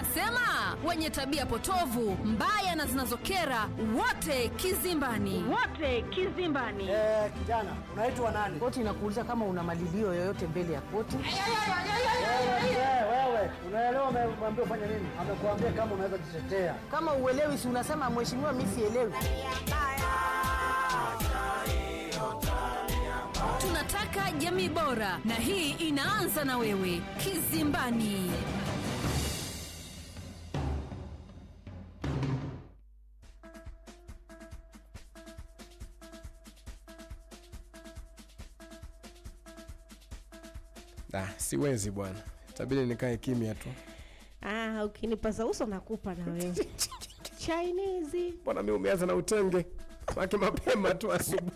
ikasema wenye tabia potovu mbaya na zinazokera wote kizimbani, wote kizimbani. Eh, kijana unaitwa nani? Koti inakuuliza kama una malilio yoyote mbele ya koti. Wewe unaelewa amekuambia ufanye nini? Amekuambia kama unaweza kujitetea. Kama uelewi, si unasema mheshimiwa, mimi sielewi. Tunataka jamii bora, na hii inaanza na wewe. Kizimbani. Da, siwezi bwana, tabidi nikae kimya tu. Ah, ukinipaza uso nakupa na wewe Chinese. Bwana mimi umeanza na utenge wake mapema tu asubuhi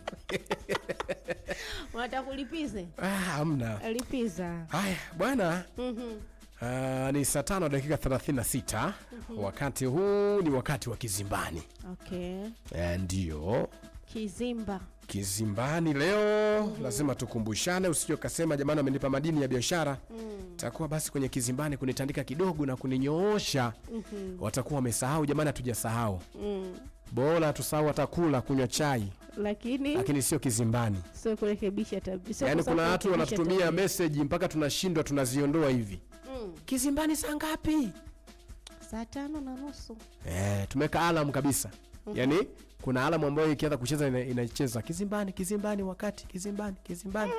kulipize? Ah, hamna lipiza. Haya bwana, mm Uh, ni saa tano dakika 36. mm -hmm. Wakati huu ni wakati wa kizimbani. Okay. Eh, ndio Kizimba Kizimbani leo mm -hmm. Lazima tukumbushane, usije ukasema jamani, amenipa madini ya biashara mm. Takuwa basi kwenye kizimbani kunitandika kidogo na kuninyoosha mm -hmm. Watakuwa wamesahau jamani, hatujasahau mm. Bora tusahau watakula kunywa chai lakini, lakini sio kizimbani, sio kurekebisha tabia. Yaani kuna watu wanatutumia message mpaka tunashindwa tunaziondoa hivi mm. Kizimbani saa ngapi? Saa tano na nusu. Eh, tumeka alam kabisa mm -hmm. Yaani kuna alamu ambayo ikianza kucheza inacheza kizimbani kizimbani, wakati kizimbani kizimbani.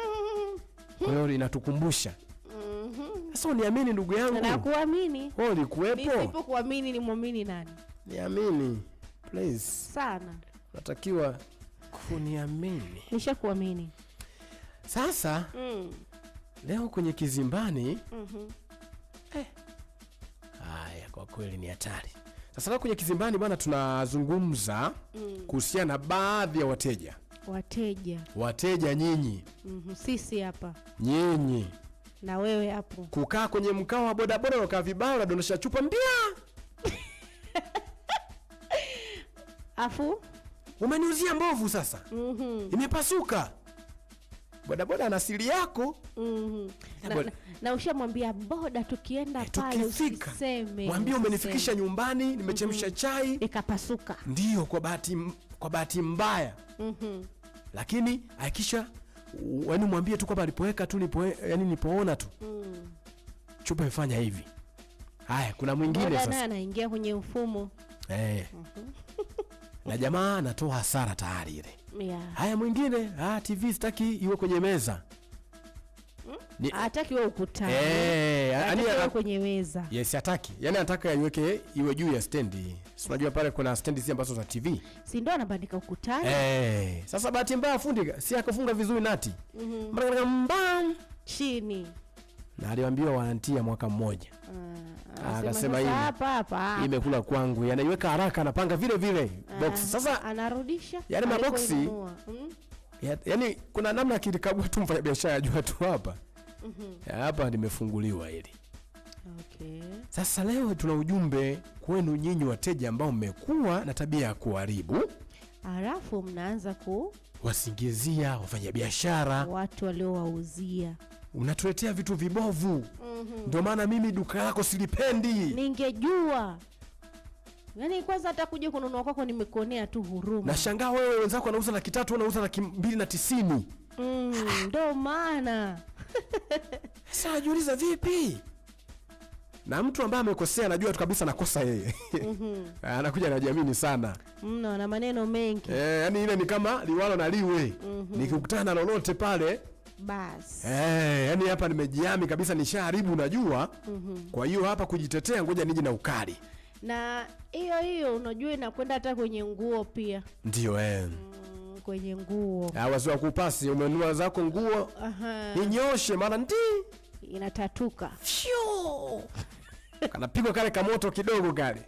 Kwa hiyo inatukumbusha mm-hmm. sasa. Uniamini ndugu yangu, nakuamini wewe, ulikuwepo. Nisipokuamini muamini nani? Niamini please sana, natakiwa kuniamini. Nishakuamini sasa. mm. Leo kwenye kizimbani. mm -hmm. Eh, haya kwa kweli ni hatari. Sasa kwenye Kizimbani bwana, tunazungumza mm. kuhusiana na baadhi ya wateja wateja wateja, nyinyi mm -hmm. sisi hapa, nyinyi na wewe hapo, kukaa kwenye mkao wa bodaboda, unakaa vibaya, unadondosha chupa mbia afu umeniuzia mbovu sasa, mm -hmm. imepasuka. Bodaboda ana asili yako mm -hmm na, na, na ushamwambia boda, tukienda eh, pale usiseme, mwambie umenifikisha nyumbani, nimechemsha mm -hmm. chai ikapasuka. Ndiyo, kwa bahati kwa bahati mbaya mm -hmm. lakini hakikisha yaani mwambie tu kwamba alipoweka tu nipo, yaani nipoona tu mm. chupa ifanya hivi. Haya, kuna mwingine sasa anaingia kwenye ufumo hey. Eh. mm -hmm. na jamaa anatoa hasara tayari ile yeah. Haya, mwingine ah, TV sitaki iwe kwenye meza hataki wewe ukutane, eh, kwenye meza. Yes, hataki. Yaani anataka aiweke iwe juu ya stendi. Si unajua pale kuna stendi zile ambazo za TV. Si ndio anabandika ukutani? Eh, sasa bahati mbaya fundi si akafunga vizuri nati. Mhm. Mara mbam chini. Na aliambiwa wanatia mwaka mmoja. Ah, akasema ah, hii hapa hapa. Imekula kwangu. Yanaiweka haraka anapanga vile vile ah, box. Sasa anarudisha. Yaani maboksi. Mm. Yaani kuna namna kilikabwa tu mfanya biashara ya jua tu hapa mm -hmm. Hapa limefunguliwa hili okay. Sasa leo tuna ujumbe kwenu nyinyi wateja ambao mmekuwa na tabia ya kuharibu halafu mnaanza ku wasingizia wafanyabiashara, watu waliowauzia, unatuletea vitu vibovu mm -hmm. Ndio maana mimi duka lako silipendi. Ningejua yaani, kwanza hata kuja kununua kwako nimekuonea tu huruma. Nashangaa wewe, wenzako anauza laki tatu, unauza laki mbili na tisini. Mm, ndio maana sasa najiuliza vipi? Na mtu ambaye amekosea anajua tu kabisa nakosa yeye. mm -hmm. Anakuja anajiamini sana mno na maneno mengi eh, yani ile ni kama liwalo na liwe. mm -hmm. Nikikutana lolote pale basi eh, yani hapa nimejiami kabisa, nishaharibu najua. mm -hmm. Kwa hiyo hapa kujitetea, ngoja niji na ukali na hiyo hiyo, unajua inakwenda hata kwenye nguo pia ndio eh. mm kwenye nguo. Ah, Wazi wa kupasi umenua zako nguo inyoshe, maana ndi inatatuka kanapigwa kale kamoto kidogo kale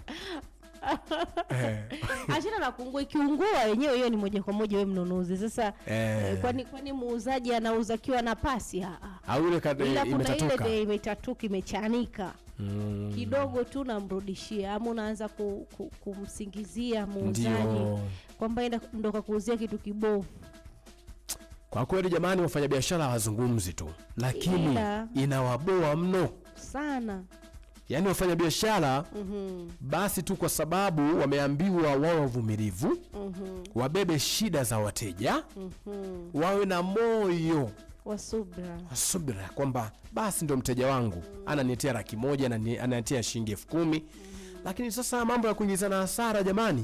eh achana na kuungua, ikiungua wenyewe hiyo ni moja kwa moja wewe mnunuzi. Sasa eh, eh kwani kwani muuzaji anauza kiwa na pasi? Ah, ah. Au ile ile imetatuka imechanika Mm. Kidogo tu namrudishia ama unaanza ku, ku, kumsingizia muuzaji kwamba enda ndo kakuuzia kitu kibovu. Kwa kweli jamani, wafanyabiashara hawazungumzi tu, lakini inawaboa mno sana yaani wafanya biashara mm -hmm. basi tu kwa sababu wameambiwa wawe wavumilivu mm -hmm. wabebe shida za wateja mm -hmm. wawe na moyo wa subira kwamba basi ndo mteja wangu mhm. ananitia laki moja ananiletea shilingi elfu kumi mm. Lakini sasa mambo ya kuingizana hasara jamani,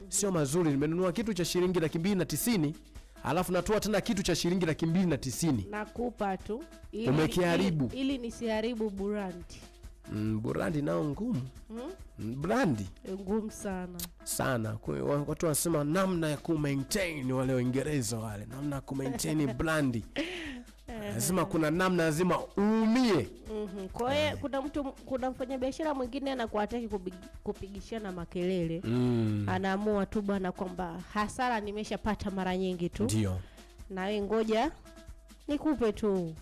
mhm. sio mazuri. Nimenunua kitu cha shilingi laki mbili na tisini alafu natoa tena kitu cha shilingi laki mbili na tisini nakupa tu, umekiharibu ili nisiharibu brand Mm, nao ngumu hmm? Mm, brandi eh, ngumu sana sana. Watu wanasema namna ya kumaintain, wale Waingereza wale, namna ya kumaintain brandi eh. lazima kuna namna, lazima uumie. mm -hmm. Kwa hiyo eh. kuna mtu, kuna mfanyabiashara mwingine anakuataki kupigishana makelele mm. Anaamua tu bwana kwamba hasara nimeshapata mara nyingi tu, ndio na wewe ngoja nikupe tu,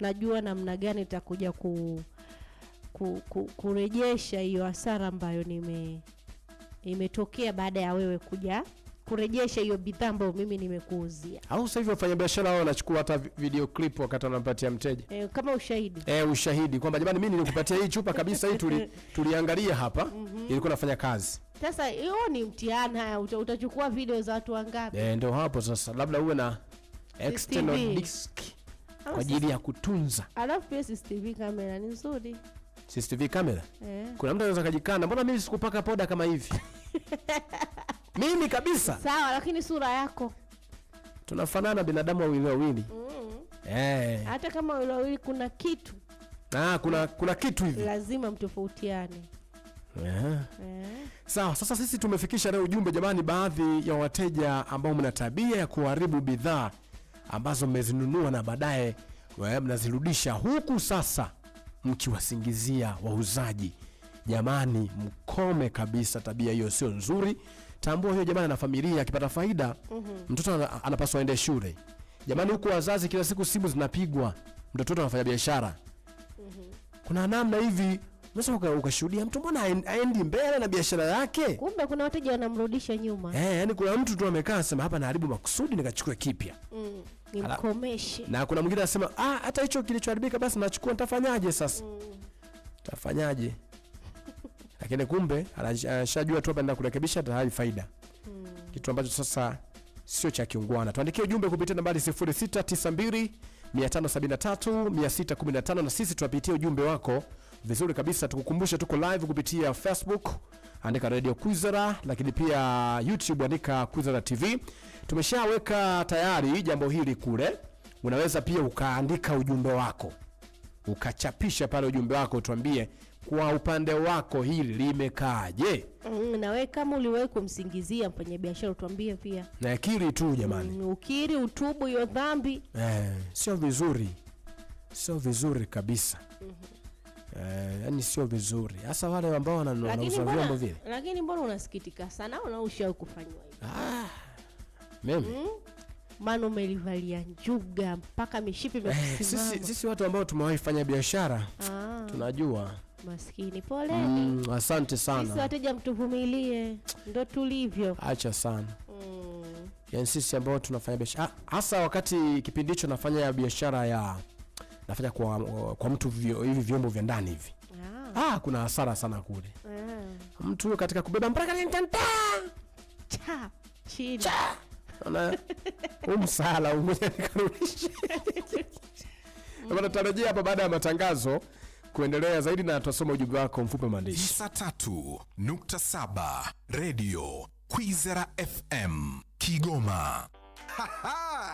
najua namna gani nitakuja ku ku, ku, kurejesha hiyo hasara ambayo nime imetokea baada ya wewe kuja kurejesha hiyo bidhaa ambayo mimi nimekuuzia. Au sasa hivi wafanyabiashara wao wanachukua hata video clip wakati wanampatia mteja e, kama ushahidi e, ushahidi kwamba jamani, mimi nilikupatia hii chupa kabisa hii tuli, tuliangalia hapa mm -hmm. ilikuwa nafanya kazi. Sasa hiyo ni mtihani. Haya, uta, utachukua video za watu wangapi? Eh, ndio hapo sasa, labda uwe na external disk kwa ajili ya kutunza, alafu pia CCTV kamera ni nzuri. CCTV camera. Yeah. Kuna mtu anaweza kujikana, mbona mimi sikupaka poda kama hivi? Mimi kabisa. Sawa, lakini sura yako. Tunafanana binadamu wawili wawili. Mm. Eh. Hata kama wawili wawili kuna kitu. Ah, kuna kuna kitu hivi. Lazima mtofautiane. Yeah. Yeah. Sawa, sasa sisi tumefikisha leo ujumbe jamani, baadhi ya wateja ambao mna tabia ya kuharibu bidhaa ambazo mmezinunua na baadaye eh, mnazirudisha huku sasa mkiwasingizia wauzaji. Jamani, mkome kabisa, tabia hiyo sio nzuri. Tambua hiyo jamani ana familia, akipata faida mm -hmm. mtoto anapaswa aende shule. Jamani, huku wazazi kila siku simu zinapigwa, mtoto wetu anafanya biashara mm -hmm. kuna namna hivi unaweza ukashuhudia mtu mbona aendi mbele na biashara yake, kumbe kuna wateja wanamrudisha nyuma. Eh, yani kuna mtu tu amekaa sema hapa naharibu makusudi nikachukue kipya mm nimkomeshe. Na kuna mwingine anasema ah, hata hicho kilichoharibika basi nachukua, nitafanyaje sasa? Mm. Tafanyaje? Lakini kumbe anashajua tu anaenda kurekebisha tayari faida. Mm. Kitu ambacho sasa sio cha kiungwana. Tuandikie ujumbe kupitia nambari 0692 573 615 na sisi tuwapitie ujumbe wako vizuri kabisa. Tukukumbushe tuko live kupitia Facebook andika Radio Kwizera, lakini pia YouTube andika Kwizera TV. Tumeshaweka tayari jambo hili kule, unaweza pia ukaandika ujumbe wako ukachapisha pale ujumbe wako, tuambie kwa upande wako hili limekaaje? Mm, na wewe kama uliwahi kumsingizia mfanyabiashara utuambie pia, na kiri tu jamani. Mm, ukiri utubu hiyo dhambi eh, sio vizuri, sio vizuri kabisa. mm -hmm. Eh, yani sio vizuri hasa wale ambao wanauza vyombo vile. Lakini mbona unasikitika sana au unaushawahi kufanywa hivyo? Ah, mimi mm? Maana umelivalia njuga mpaka mishipi eh, imekusimama. Sisi, sisi watu ambao tumewahi fanya biashara ah, tunajua maskini, poleni. Mm, asante sana. Sisi wateja mtuvumilie, ndo tulivyo. Acha sana mm. Yaani sisi ambao tunafanya biashara ah, hasa wakati kipindi hicho nafanya biashara ya nafanya kwa, kwa mtu hivi vyombo vya ndani hivi ah. ah, kuna hasara sana kule ah. mtu huyo katika kubeba mpaka cha chini cha umsala umoja nikarudishe natarajia hapa baada ya matangazo kuendelea zaidi na tutasoma ujumbe wako mfupi maandishi. 93.7 Radio Kwizera FM Kigoma. ha -ha!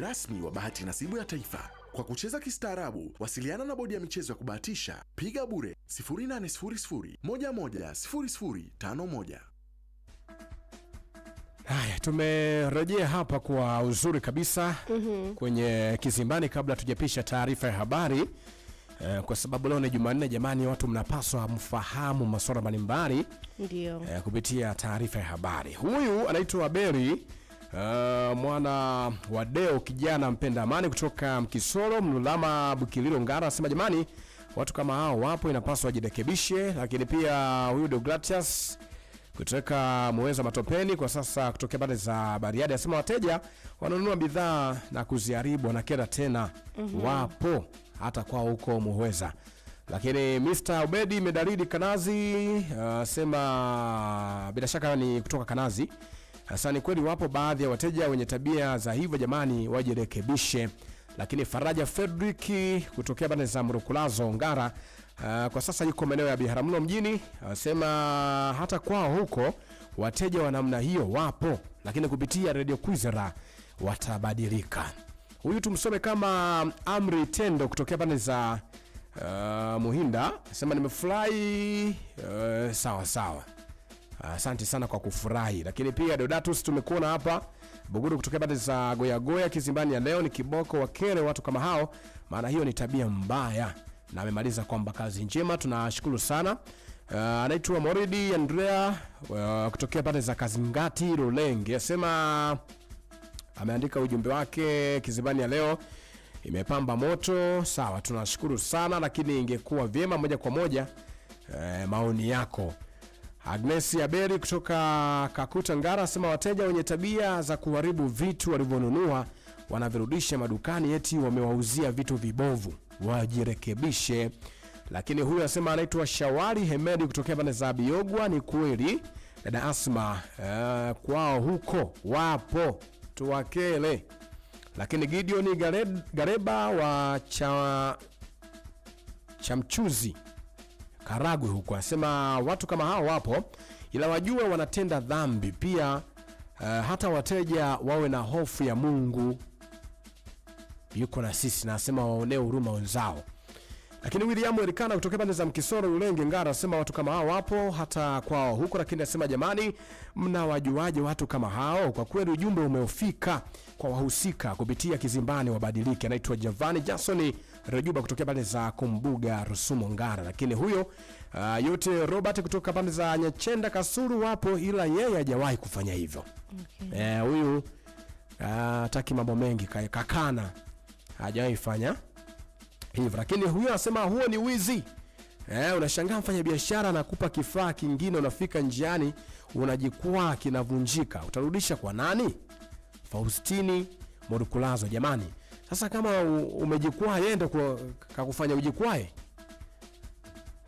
rasmi wa bahati nasibu ya taifa. Kwa kucheza kistaarabu, wasiliana na bodi ya michezo ya kubahatisha, piga bure 0800 0051. Haya, tumerejea hapa kwa uzuri kabisa mm -hmm. kwenye kizimbani kabla tujapisha taarifa ya habari e, kwa sababu leo ni Jumanne jamani, watu mnapaswa mfahamu masuala mbalimbali ndio, eh, kupitia taarifa ya habari. Huyu anaitwa Beri Uh, mwana wa Deo kijana mpenda amani kutoka Mkisoro Mlulama Bukililo Ngara anasema jamani, watu kama hao wapo, inapaswa wajirekebishe. Lakini pia huyu Deogratias kutoka mweza Matopeni kwa sasa kutokea pande za Bariadi asema wateja wananunua bidhaa na kuziharibu, wanakera tena. mm -hmm. Wapo hata kwao huko Muweza. Lakini Mr. obedi Medaridi Kanazi uh, sema bila shaka ni kutoka Kanazi sasa ni kweli wapo baadhi ya wateja wenye tabia za hivyo, jamani, wajirekebishe. Lakini Faraja Fredrick kutokea bana za Mrukulazo Ngara, uh, kwa sasa yuko maeneo ya Biharamulo mjini, anasema hata kwao huko wateja wa namna hiyo wapo, lakini kupitia Radio Kwizera watabadilika. Huyu tumsome kama Amri Tendo kutokea pande za uh, Muhinda, anasema nimefurahi uh, sawa sawa. Asante sana kwa kufurahi. Lakini pia Dodatus tumekuona hapa Buguru kutokea pande za Goyagoya Kizimbani ya leo ni kiboko wa kere watu kama hao, maana hiyo ni tabia mbaya. Na amemaliza kwamba kazi njema, tunashukuru sana. Uh, anaitwa Moridi Andrea uh, kutokea pande za Kazingati Rulenge, asema ameandika ujumbe wake Kizimbani ya leo imepamba moto. Sawa, tunashukuru sana, lakini ingekuwa vyema moja kwa moja uh, maoni yako Agnes Aberi kutoka Kakuta Ngara asema wateja wenye tabia za kuharibu vitu walivyonunua wanavirudisha madukani, eti wamewauzia vitu vibovu, wajirekebishe. Lakini huyu anasema anaitwa Shawari Hemedi kutokea pande za Biogwa. Ni kweli dada Asma, uh, kwao huko wapo tuwakele. Lakini Gideon Gareba wa cha, Chamchuzi Karagwe huko, anasema watu kama hao wapo, ila wajue wanatenda dhambi pia. Uh, hata wateja wawe na hofu ya Mungu, yuko na sisi na asema waonee huruma wenzao. Lakini William Erikana kutoka pande za Mkisoro, Lulenge, Ngara asema watu kama hao wapo hata kwao huko, lakini asema jamani, mnawajuaje watu kama hao? Kwa kweli ujumbe umeofika kwa wahusika kupitia Kizimbani wabadilike. Anaitwa Javani Jasoni. Rejuba kutokea pande za Kumbuga, Rusumo, Ngara, lakini huyo uh, yote Robert kutoka pande za Nyachenda, Kasuru wapo, ila yeye hajawahi kufanya hivyo okay. Eh, huyu uh, ah, taki mambo mengi kakana hajawahi fanya hivyo, lakini huyo anasema huo ni wizi. Eh, unashangaa mfanya biashara anakupa kifaa kingine, unafika njiani unajikwaa kinavunjika, utarudisha kwa nani? Faustini Morukulazo, jamani sasa kama umejikwaa yende kakufanya ujikwae,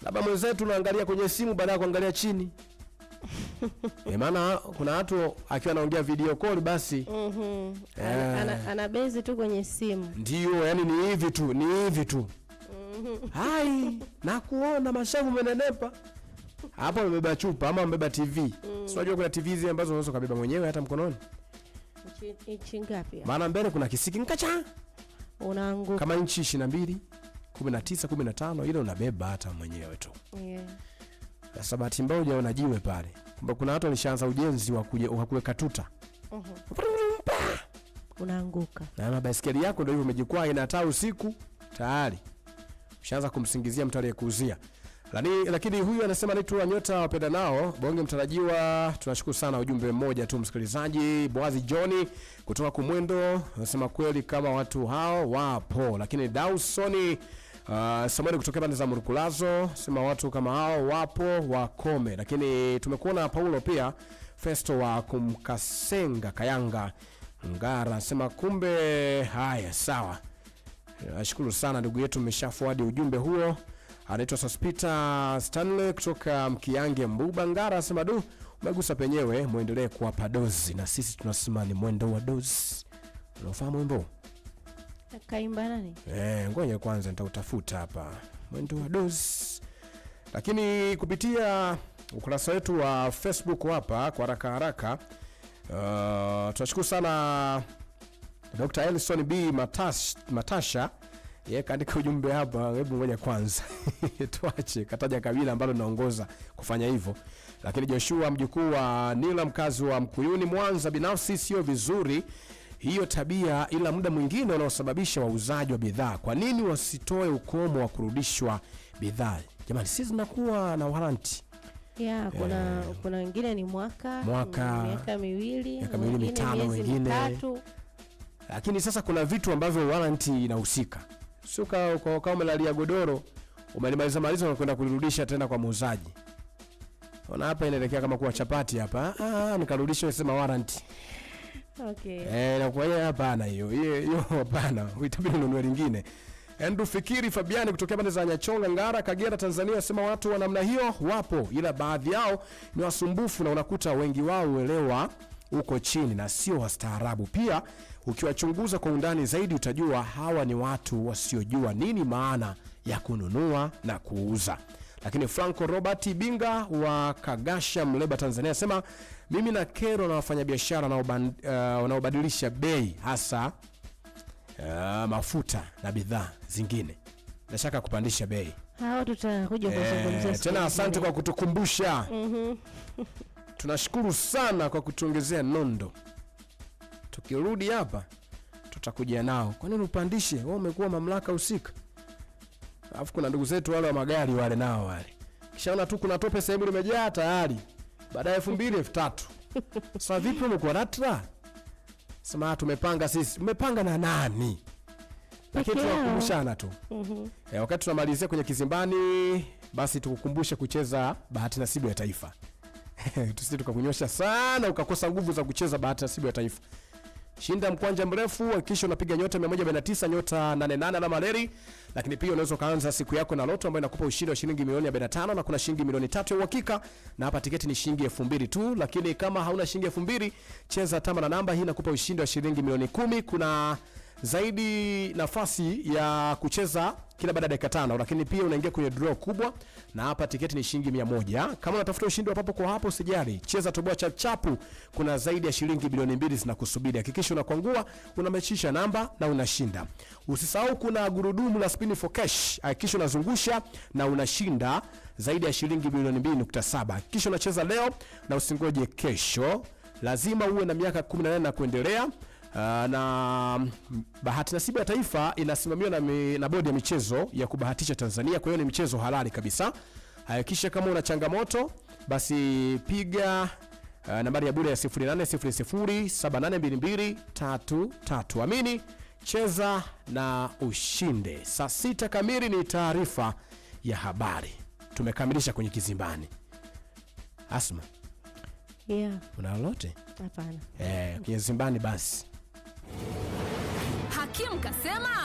labda mwenzetu unaangalia kwenye simu baada ya kuangalia chini E, maana kuna watu akiwa anaongea video call basi mm -hmm. yeah. ana, ana base tu kwenye simu ndio, yani ni hivi tu ni hivi tu mm -hmm. Hai nakuona mashavu umenenepa hapo, amebeba chupa ama amebeba TV mm -hmm. si unajua kuna TV hizi ambazo unaweza kubeba mwenyewe hata mkononi, inchi ngapi? Maana mbele kuna kisiki nkacha unaanguka. Kama nchi 22, 19, 15 ile unabeba hata mwenyewe tu. Yeah. Sasa bahati mbaya hujaona jiwe pale. kwamba kuna watu walishaanza ujenzi wa kuweka tuta. Uh-huh. Unaanguka. Na baiskeli yako ndio hivyo umejikwaa, ina usiku tayari. Ushaanza kumsingizia mtu aliyekuuzia. Lani, lakini huyu anasema naitwa nyota wapenda nao bonge mtarajiwa. Tunashukuru sana ujumbe mmoja tu msikilizaji Boazi Johni kutoka Kumwendo anasema kweli kama watu hao wapo, lakini Dawsoni Uh, Samani kutoka pande za Murukulazo sema watu kama hao wapo wakome, lakini tumekuona Paulo pia Festo wa kumkasenga Kayanga Ngara sema kumbe haya sawa. Nashukuru sana ndugu yetu, umeshafuadi ujumbe huo anaitwa Sospita Stanley kutoka Mkiange Mbuba Ngara, asema du, umegusa penyewe, muendelee kuwapa dozi na sisi tunasema ni mwendo wa dozi. Unafahamu wimbo kaimba nani? Eh, ngoja kwanza nitautafuta hapa, mwendo wa dozi. Lakini kupitia ukurasa wetu wa Facebook hapa kwa haraka haraka, uh, tunashukuru sana Dr. Elson B Matasha yeye kaandika ujumbe hapa, hebu moja kwanza tuache kataja kabila ambalo naongoza kufanya hivyo. Lakini Joshua mjukuu wa Nila mkazi wa Mkuyuni Mwanza, binafsi sio vizuri hiyo tabia, ila muda mwingine unaosababisha wauzaji wa bidhaa, kwa nini wasitoe ukomo wa kurudishwa bidhaa? Jamani, sisi zinakuwa na waranti ya, kuna eh, kuna wengine ni mwaka mwaka, mm, miaka miwili, miaka miwili mitano, wengine, lakini sasa kuna vitu ambavyo waranti inahusika sio kama umelalia godoro umelimaliza maliza na kwenda kurudisha tena kwa muuzaji. Ona hapa inaelekea kama kuwa chapati hapa. Ah, ah, ah nikarudisha sema warranty. Okay. Eh, na kwa hiyo hapana hiyo. Hiyo hiyo hapana. Uitabidi ununue lingine. Andrew Fikiri Fabiani kutokea pande za Nyachonga, Ngara, Kagera, Tanzania sema watu wa namna hiyo wapo, ila baadhi yao ni wasumbufu na unakuta wengi wao uelewa uko chini na sio wastaarabu. Pia ukiwachunguza kwa undani zaidi, utajua hawa ni watu wasiojua nini maana ya kununua na kuuza. Lakini Franco Robert binga wa Kagasha, Mleba, Tanzania sema mimi na kero na wafanyabiashara uh, wanaobadilisha uh, bei hasa uh, mafuta na bidhaa zingine, nashaka shaka kupandisha bei. Hao tutakuja eh, kuzungumzia tena. Asante kwa kutukumbusha. mm -hmm. Tunashukuru sana kwa kutuongezea nondo. Tukirudi hapa tutakuja nao. Kwa nini upandishe? Wewe umekuwa mamlaka husika. Alafu kuna ndugu zetu wale wa magari wale nao wale. Kishaona tu kuna tope sehemu limejaa tayari. Baadaye 2000 3000. Sasa vipi umekuwa ratra? Sema ah, tumepanga sisi. umepanga na nani? Lakini tunakumbushana tu. Mm-hmm. E, wakati tunamalizia kwenye kizimbani basi tukukumbushe kucheza bahati nasibu ya taifa. tusije tukakunyosha sana ukakosa nguvu za kucheza bahati nasibu ya taifa. Shinda mkwanja mrefu, hakikisha unapiga nyota 149 nyota 88 alama reli. Lakini pia unaweza ukaanza siku yako na loto ambayo inakupa ushindi wa shilingi milioni 45 na kuna shilingi milioni tatu ya uhakika, na hapa tiketi ni shilingi 2000 tu. Lakini kama hauna shilingi 2000 cheza tama na namba hii, inakupa ushindi wa shilingi milioni kumi. Kuna zaidi nafasi ya kucheza kila baada ya dakika tano, lakini pia unaingia kwenye draw kubwa, na hapa tiketi ni shilingi 100. Kama unatafuta ushindi wa papo kwa hapo, usijali, cheza toboa chap chapu, kuna zaidi ya shilingi bilioni mbili zinakusubiri. Hakikisha unakwangua, unamechisha namba na unashinda. Usisahau kuna gurudumu la spin for cash, hakikisha unazungusha na unashinda zaidi ya shilingi bilioni 2.7. Hakikisha unacheza leo na usingoje kesho, lazima uwe na miaka 18 na kuendelea. Ah, na bahati nasibu ya taifa inasimamiwa na, na bodi ya michezo ya kubahatisha Tanzania. Kwa hiyo ni mchezo halali kabisa. Hakikisha kama una changamoto basi piga uh, nambari ya bure ya 0800782233. Amini, cheza na ushinde. Saa sita kamili ni taarifa ya habari. Tumekamilisha kwenye Kizimbani. Asma, yeah. Una lolote? Hapana. Eh, kwenye Kizimbani basi Hakimu kasema